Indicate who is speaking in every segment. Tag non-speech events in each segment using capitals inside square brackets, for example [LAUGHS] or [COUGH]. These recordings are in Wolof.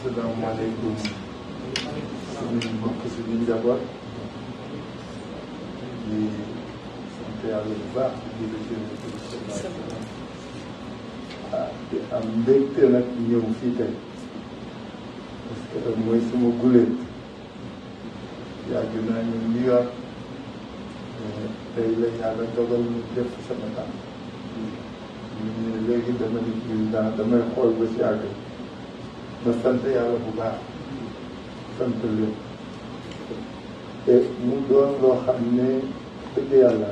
Speaker 1: asalaamaaleykum suñu mbokk suñu njaboot di sant yàlla bu baax di la jënd ah di am mbégte nag ñëw fii tey parce que mooy suma guléet yàgg naa ñu New York tey la yàlla dogal ñu def sama tànk ñu ne léegi dama di président damay xool ba si àgg. ma sant yàlla bu baax sant mu doon loo xam ne dëgg yàlla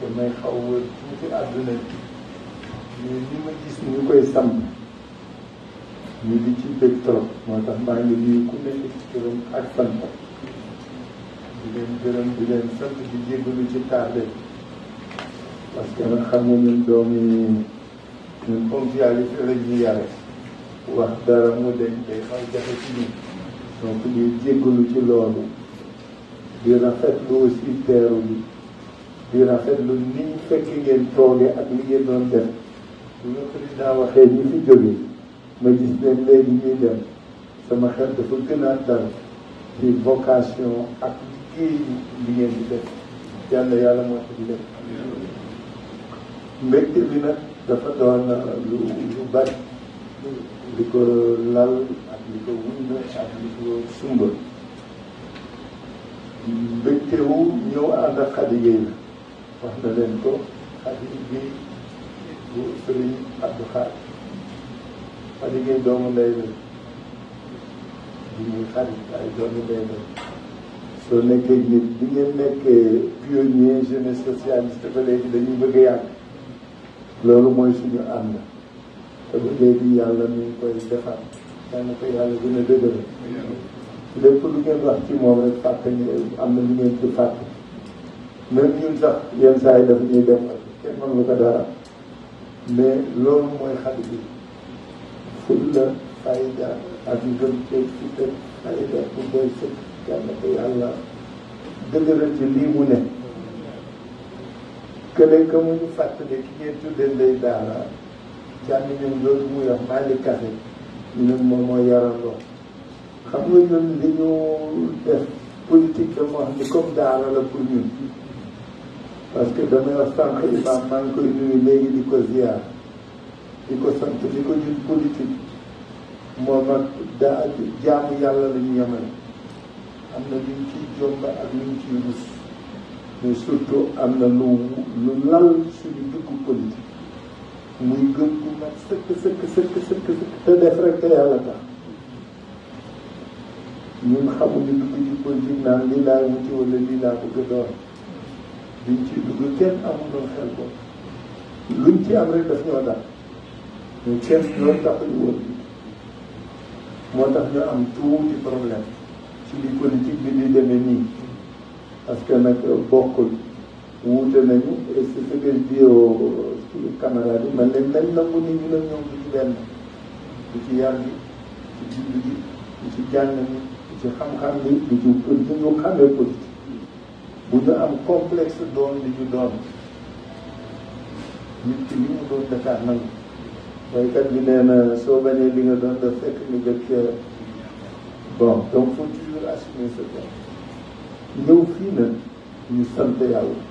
Speaker 1: damay xaw a tuuti àdduna bi mais li ma gis ñu koy sàmm ñu di ci bëgg trop moo tax maa ngi nuyu ku nekk ci turam ak sant di leen gërëm di leen sant di jéggalu ci tardé parce que na xam nga ñun doom yi ñun ponctualité la ñuy yare wax dara mu dañ day xaw jafe ci ñun donc ñuy jéggalu ci loolu di rafetlu aussi teeru bi di rafetlu ni ñu fekk ngeen toogee ak li ngeen doon def bu nga président waxee ñi fi jógee ma gis leen léegi ñuy dem sama xel dafa gën a dal vocation ak liggéey bi ngeen di def yàlla yàlla moo ko bi nag dafa doon lu lu bari li ko lal ak li ko wund ak li ko sumba mbégtewu ñëw ànd ak xadigéey la wax na leen ko xadig bi bu sëriñ Abdou Xaar xadigéey doomu ndey la di ñuy xarit ay doomu ndey la soo nekkee nit bi ngeen nekkee pionnier ba léegi dañuy bëgg a yàgg loolu mooy te ba léegi yàlla ñu ngi koy defar yàlla ko yàlla gën a dëgëral lépp lu ngeen wax ci moom rek fàtte ñu am na lu ngeen ci fàtte même ñun sax yenn saa ñuy dem kenn mën mais loolu mooy xale bi ful la fayda na ko ci lii mu ne que ne que mu ñu fàttali ki ngeen tuddee ndey daara càmmiñam loolu muy wax Malick Kassé ñun moom moo yarandoo xam nga ñun dañoo def politique dama wax ni comme daara la pour ñun parce que damay wax sànq imam maa ngi koy nuyu léegi di ko ziar di ko sant di ko ñun politique moom ak daa jaamu yàlla la ñu yemale am na lu ñu ciy jomb ak lu ñu ciy na lu lu lal suñu dugg politique mângând cum mâna, sârcă, căsăr, căsăr, căsăr, căsăr, tă de frăcă e ala ta. Nim zi, n-am de la ce ole li la bukador. Dinci dugu ken amul on helbo. Lunti amre daf ñoo da. Nu cër ñoo tax ñu wër. Moo tax ñu am tuuti problème ci li politique bi de demee nii. Parce que nag bokkul wuute nañu et c'est ce que je dis o caméra bi man leen nañ nangu ni ñu la ñëw du ci benn du ci yar bi du ci julli bi du ci jàng bi du ci xam-xam bi du ci ñu xamee politique bu ñu am complexe doon li ñu doon nit ki li mu doon Dakar nangu béykat nee na soo bañee li nga doon def fekk nga jëkk bon donc faut toujours assumer ce ñëw fii nag ñu sant yàlla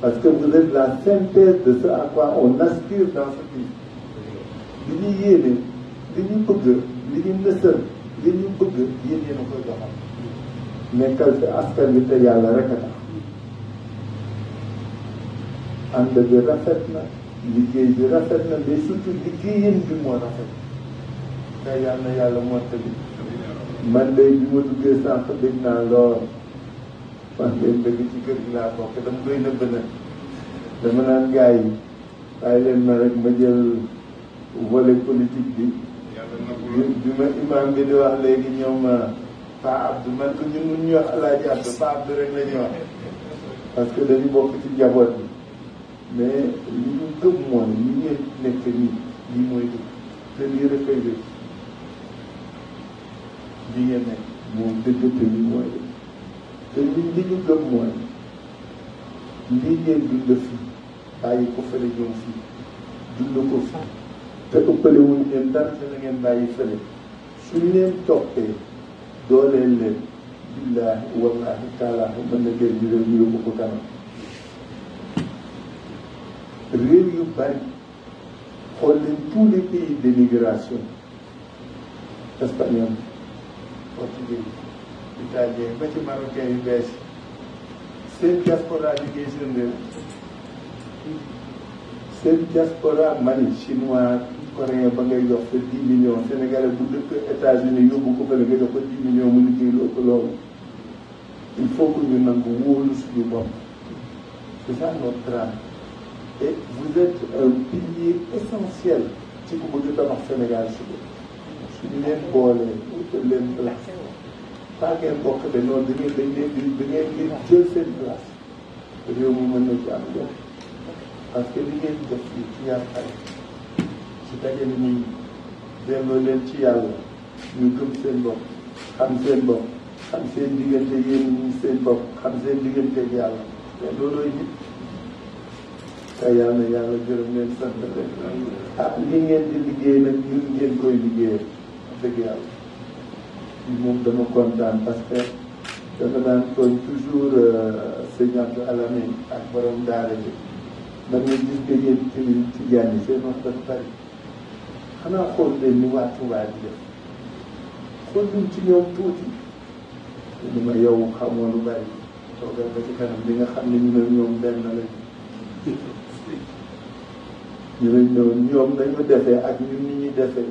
Speaker 1: Parce que vous êtes la synthèse de ce à quoi on aspire dans ce pays li ñuy yéene li ñu bëgg li ñu nësal li ñu bëgg yéen yéen a koy doxal nekkal te yàlla rek a tax rafet na liggéey bi rafet na mais surtout liggéeyam bi moo rafet te yàlla na yàlla mottali man day bi ma duggee sànq dégg naa lool ባለበት bagi ላቀው gila apa, kita ጋይ ini benar. መጀል ወለ ፖለቲክ ቢ ቢመ ኢማም politik di wax léegi ñoom Paa Abdou man ko ñun mun ñu wax Alaaji Abdou Paa Abdou rek la ñuy wax parce que dañu bokk ci njaboot bi mais li ñu gëm mooy li ngeen nekk nii lii mooy dëgg te lii rek lay dëgg li ngeen nekk moom dëgg te lii te li li ñu gëm mooy lii ngeen dund fii bàyyi ko fële ñëw fii dund ko fii te ëppale wuñ leen dara te na ngeen bàyyi fële suñ leen toppee dooleel leen billaahi wallaahi taalaahi mën na gën ñu réew ñu ko kanam réew yu bari xool leen tous les pays d'émigration espagnol portugais italien ba ci marocain yu C'est seen diaspora liggéey seen C'est seen diaspora Mali chinois coréen ba ngay 10 millions sénégalais bu dëkk États-Unis yóbbu ko fële nga jox 10 millions mu liggéey lu ëpp loolu il faut que ñu nangu wóolu suñu bopp c'est ça notre travail et vous êtes un pilier essentiel si ci ku bëgg tabax Sénégal si suñu leen boolee utal leen place pas ngeen bokk de noonu da ngeen dañ leen di da ngeen di jël seen place réew mi mën na ci am doole parce que li ngeen def fii ci ñaar xale su dajee ni ñuy delloo leen ci yàlla ñu gëm seen bopp xam seen bopp xam seen diggante yéen ñi seen bopp xam seen diggante yàlla te loolooy nit te yàlla na yàlla gërëm leen sant leen ah li ngeen di liggéey nag yàlla moom dama kontaan parce que dan daan tooñ toujours euh, sëñ Abdou Alamine ak borom daara ji man nga gis nga yéen ci liñ ci jànni seen wax bari xanaa xool leen ni waa Tuubaa di def xool luñ ci ñoom ma yow xamoo lu bari toogal ba ci kanam li nga xam ne ñu ne ñoom benn lañu [LAUGHS] ñu ne ñoom ñoom nañu defee ak ñun ni ñuy defee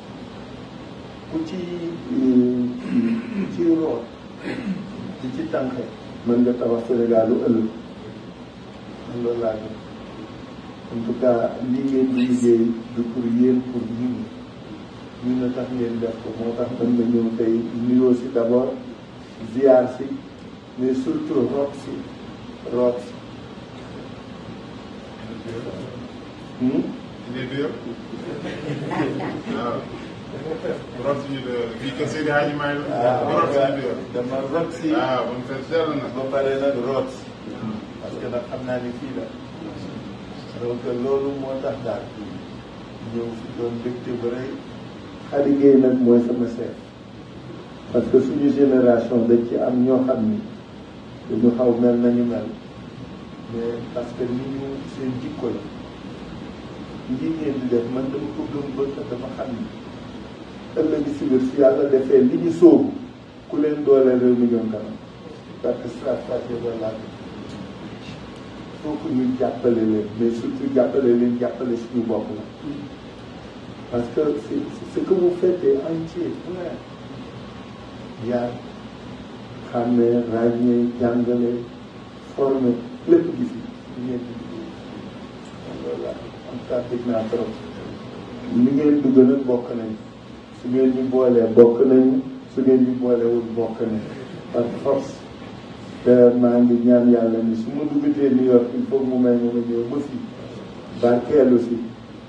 Speaker 1: ku ci ci root di ci tànqe mën nga tabax Sénégalu ëllëg man loolu laa gëm en tout cas li ngeen di liggéey du pour yéen pour ñun ñun na tax ngeen def ko moo tax mën nga ñëw tey nuyoo si d'abord ziar si mais surtout root si root si Hmm? [LAUGHS] Eh, ah, eh, ah, rot mm. si ñu dër kii kër Seydi Hadji Maye la. rot si ñu dër dama rot si. waaw ba mu fees dell na. ba pare nag rot. parce que nag xam naa ni fii la. donc loolu moo tax daal. ñëw fi doon mbégte bu rëy. Khady Gueye nag mooy sama seet. parce que suñu génération dañ ci am ñoo xam ni dañu xaw mel nañu mel. mais parce que ni ñu seen jikko la. lii ngeen di def man dama ko gëm ba dama xam ni. ëllëg si biir su yàlla defee li ñu sóobu ku leen dooleel réew mi ñoom kanam parce que stratégie ba laa foofu ñu jàppale leen mais surtout jàppale leen jàppale suñu bopp la parce que c'est ce que vous faites est entier yaa xàmme ràññee jàngale formé lépp gis ngeen di liggéey am taa dégg naa trop li ngeen dugg nag bokk nañ su ngeen ñu boolee bokk nañu su ngeen ñu boolewul bokk nañu par force te maa ngi ñaan yàlla ni su ma duggatee New York il faut mu may ma ñëw ba fii barkeelu si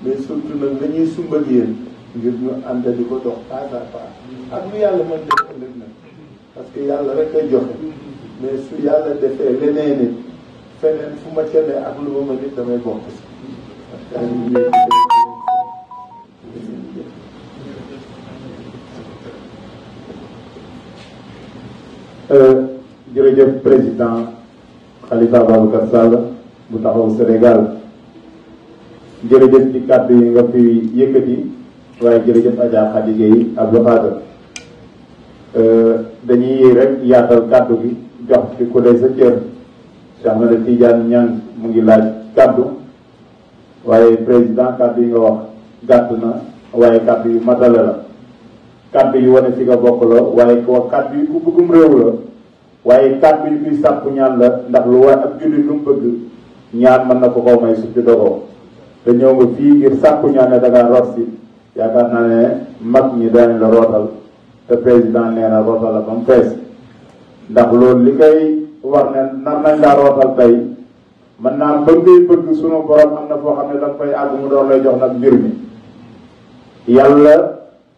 Speaker 1: mais surtout nag la ñuy sumb ak yéen ngir ñu ànd di ko dox pas à pas ak lu yàlla mën def ëllëg nag parce que yàlla rek a joxe mais su yàlla defee leneen it feneen fu ma cene ak lu ma ma nit damay bokk si Euh, jërëjëf président Khalifa Babacar Sall bu taxaw Sénégal jërëjëf ci kàddu yi nga fi yëkkati waaye jërëjëf Adja Khady Gueye Abdou Khadre euh, dañuy rek yaatal kàddu gi jox ci ku dee sa cër Cheikh Ahmada Tidiane Niang mu ngi laaj kàddu waaye président kàddu yi nga wax gàtt na waaye kàddu yu matale la kaddu yi wone fi nga bokk la waaye koo kaddu yi ku bëggum réew la waaye kaddu yi kuy sàpp ñaan la ndax lu war ak julli lu mu bëgg ñaan mën na ko koo may suñu dogo te ñëw nga fii ngir sàpp ñaan da ngaa root si yaakaar naa ne mag ñi daan la rotal te président nee na rootal la ba mu fees ndax loolu li koy war ne nar nañ daa rotal tey mën naa ba ngay bëgg suñu borom am na foo xam ne da nga koy àgg mu doon lay jox nag mbir mi yàlla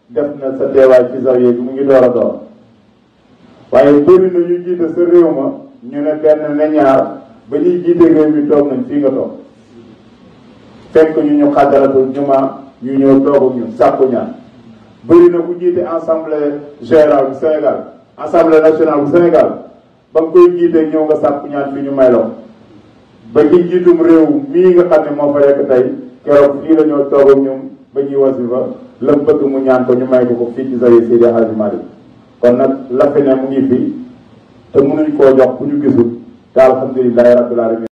Speaker 1: def na sa teewaay ci zawiya bi mu ngi door a door waaye bëri na ñu jiite sa réew ma ñu ne benn ne ñaar ba ñuy jiite réew mi toog nañ fii nga toog fekk ñu ñu xàddaratul jumaa ñu ñëw toogu ñu sàkku ñaan bëri na ku jiite assemblée générale bu Sénégal assemblée nationale bu Sénégal ba nga koy jiite ñëw nga sàkku fi ñu may ba ci jiitum réew mii nga xam ne moo fa rekk tey keroog fii la ñoo toog ak ñoom ba ñuy wasifa lam bëgg mu ñaan ko ñu may ko ko fii ci zaye Seydi Hadji Malick kon nag la fi ne mu ngi fi te mënuñ koo jox ku ñu gisul te alhamdulilahi rabbil alamin